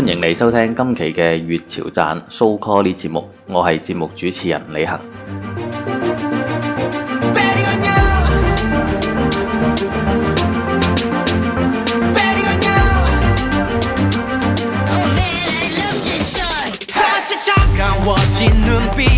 歡迎你收聽今期嘅《粵潮讚蘇科》呢節目，我係節目主持人李恒。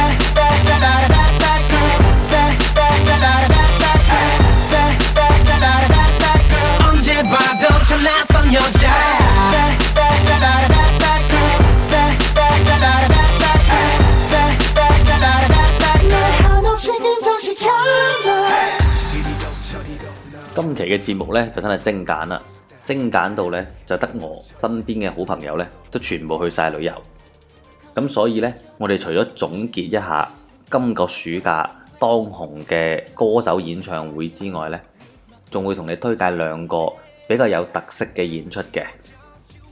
今期嘅節目咧，就真係精簡啦，精簡到咧，就得我身邊嘅好朋友咧，都全部去晒旅遊。咁所以咧，我哋除咗總結一下今個暑假當紅嘅歌手演唱會之外咧，仲會同你推介兩個比較有特色嘅演出嘅。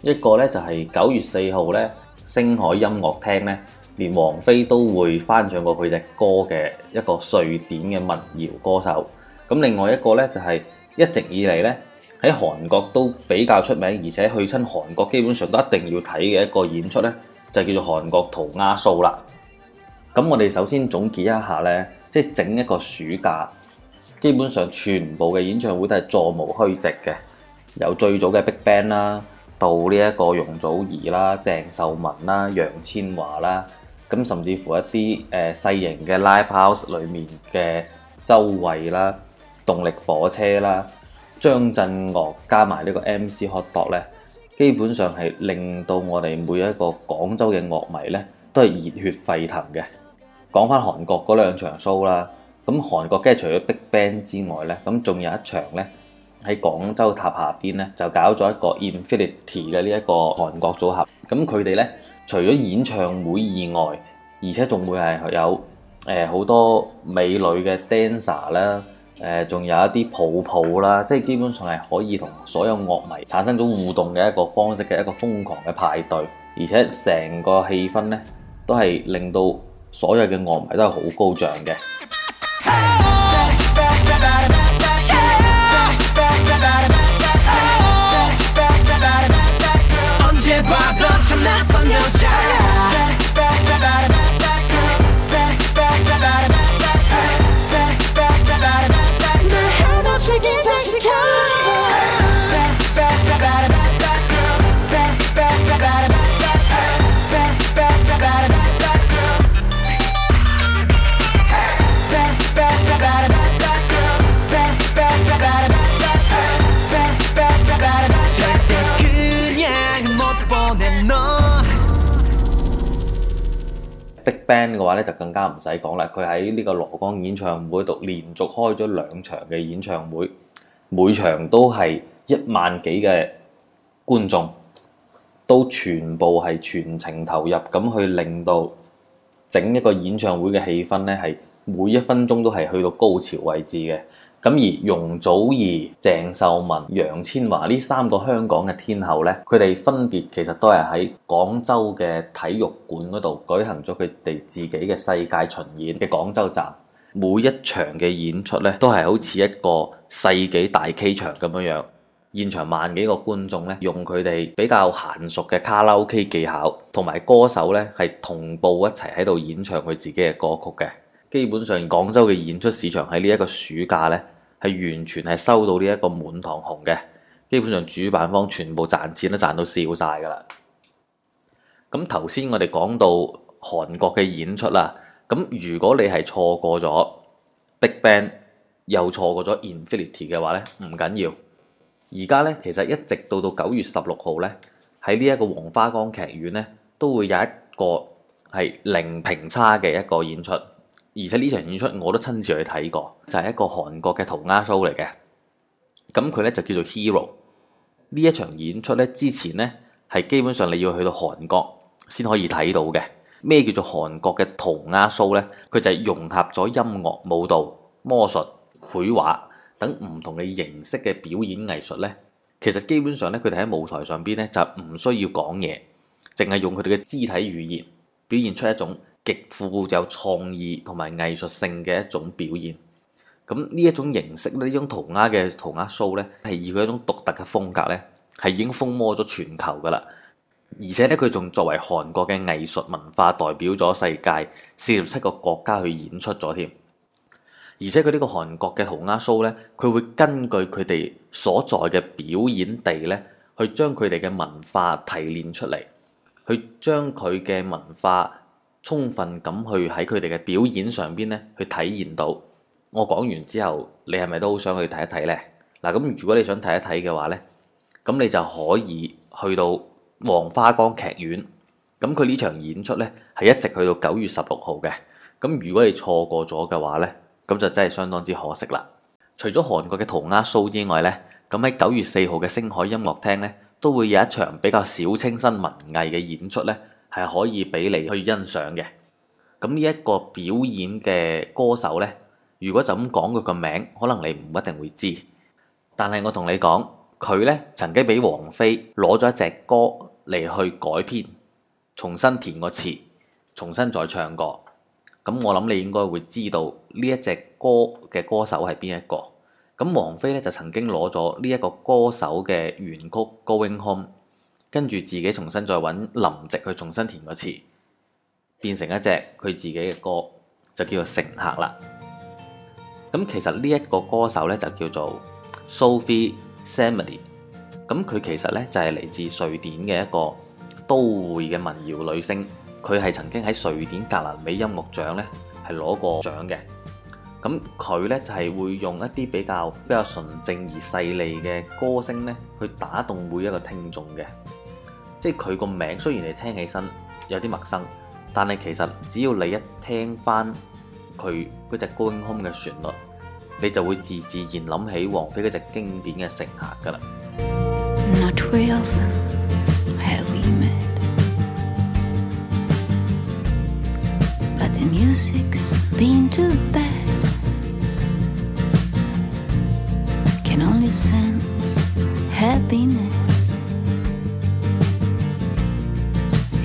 一個咧，就係九月四號咧，星海音樂廳咧，連王菲都會翻唱過佢隻歌嘅一個瑞典嘅民謠歌手。咁另外一個呢，就係一直以嚟呢，喺韓國都比較出名，而且去親韓國基本上都一定要睇嘅一個演出呢，就叫做韓國塗鴉秀啦。咁我哋首先總結一下呢，即係整一個暑假，基本上全部嘅演唱會都係座無虛席嘅。有最早嘅 BigBang 啦，到呢一個容祖兒啦、鄭秀文啦、楊千嬅啦，咁甚至乎一啲誒細型嘅 Live House 裏面嘅周蕙啦。動力火車啦，張震岳加埋呢個 MC Hotdog 咧，基本上係令到我哋每一個廣州嘅樂迷咧，都係熱血沸騰嘅。講翻韓國嗰兩場 show 啦，咁韓國梗係除咗 BIGBANG 之外咧，咁仲有一場咧喺廣州塔下邊咧，就搞咗一個 Infinite 嘅呢一個韓國組合。咁佢哋咧，除咗演唱會以外，而且仲會係有誒好多美女嘅 dancer 啦。呃，仲有一啲抱抱啦，即係基本上係可以同所有樂迷產生種互動嘅一個方式嘅一個瘋狂嘅派對，而且成個氣氛呢都係令到所有嘅樂迷都係好高漲嘅。band 嘅話咧就更加唔使講啦，佢喺呢個蘿崗演唱會度連續開咗兩場嘅演唱會，每場都係一萬幾嘅觀眾，都全部係全程投入咁去令到整一個演唱會嘅氣氛咧，係每一分鐘都係去到高潮位置嘅。咁而容祖兒、鄭秀文、楊千嬅呢三個香港嘅天后咧，佢哋分別其實都係喺廣州嘅體育館嗰度舉行咗佢哋自己嘅世界巡演嘅廣州站，每一場嘅演出咧，都係好似一個世紀大 K 場咁樣樣，現場萬幾個觀眾呢用佢哋比較嫻熟嘅卡拉 OK 技巧，同埋歌手咧係同步一齊喺度演唱佢自己嘅歌曲嘅。基本上，廣州嘅演出市場喺呢一個暑假呢，係完全係收到呢一個滿堂紅嘅。基本上，主辦方全部賺錢都賺到笑晒㗎啦。咁頭先我哋講到韓國嘅演出啦，咁如果你係錯過咗 Big Bang 又錯過咗 Infinity 嘅話呢，唔緊要。而家呢，其實一直到到九月十六號呢，喺呢一個黃花崗劇院呢，都會有一個係零差評嘅一個演出。而且呢場演出我都親自去睇過，就係一個韓國嘅塗鴉 show 嚟嘅。咁佢咧就叫做 Hero。呢一場演出咧之前咧係基本上你要去到韓國先可以睇到嘅。咩叫做韓國嘅塗鴉 show 咧？佢就係融合咗音樂、舞蹈、魔術、繪畫等唔同嘅形式嘅表演藝術咧。其實基本上咧，佢哋喺舞台上邊咧就唔需要講嘢，淨係用佢哋嘅肢體語言表現出一種。極富有創意同埋藝術性嘅一種表現，咁呢一種形式咧，呢種塗鴉嘅塗鴉 show 咧，係以佢一種獨特嘅風格咧，係已經風靡咗全球噶啦，而且咧佢仲作為韓國嘅藝術文化代表咗世界四十七個國家去演出咗添，而且佢呢個韓國嘅塗鴉 show 咧，佢會根據佢哋所在嘅表演地咧，去將佢哋嘅文化提煉出嚟，去將佢嘅文化。充分咁去喺佢哋嘅表演上邊咧，去體現到。我講完之後，你係咪都好想去睇一睇呢？嗱，咁如果你想睇一睇嘅話呢，咁你就可以去到黃花崗劇院。咁佢呢場演出呢，係一直去到九月十六號嘅。咁如果你錯過咗嘅話呢，咁就真係相當之可惜啦。除咗韓國嘅塗鴉 show 之外呢，咁喺九月四號嘅星海音樂廳呢，都會有一場比較小清新文藝嘅演出呢。係可以俾你去欣賞嘅。咁呢一個表演嘅歌手呢，如果就咁講佢個名，可能你唔一定會知。但係我同你講，佢呢曾經俾王菲攞咗一隻歌嚟去改編，重新填個詞，重新再唱過。咁我諗你應該會知道呢一隻歌嘅歌手係邊一個。咁王菲呢，就曾經攞咗呢一個歌手嘅原曲《Going Home》。跟住自己重新再揾林夕去重新填個詞，變成一隻佢自己嘅歌，就叫做《乘客》啦。咁其實呢一個歌手呢，就叫做 Sophie Zelmani。咁佢其實呢，就係嚟自瑞典嘅一個都會嘅民謠女星。佢係曾經喺瑞典格蘭美音樂獎呢，係攞過獎嘅。咁佢呢，就係會用一啲比較比較純正而細膩嘅歌聲呢，去打動每一個聽眾嘅。即係佢個名雖然你聽起身有啲陌生，但係其實只要你一聽翻佢嗰隻 Going Home 嘅旋律，你就會自自然諗起王菲嗰隻經典嘅《乘客》噶啦。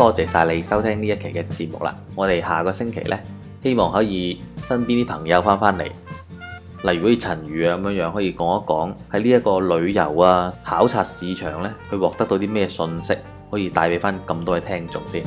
多謝晒你收聽呢一期嘅節目啦！我哋下個星期呢，希望可以身邊啲朋友翻返嚟，例如好似陳宇啊咁樣樣，可以講一講喺呢一個旅遊啊考察市場呢，去獲得到啲咩信息，可以帶俾翻咁多嘅聽眾先。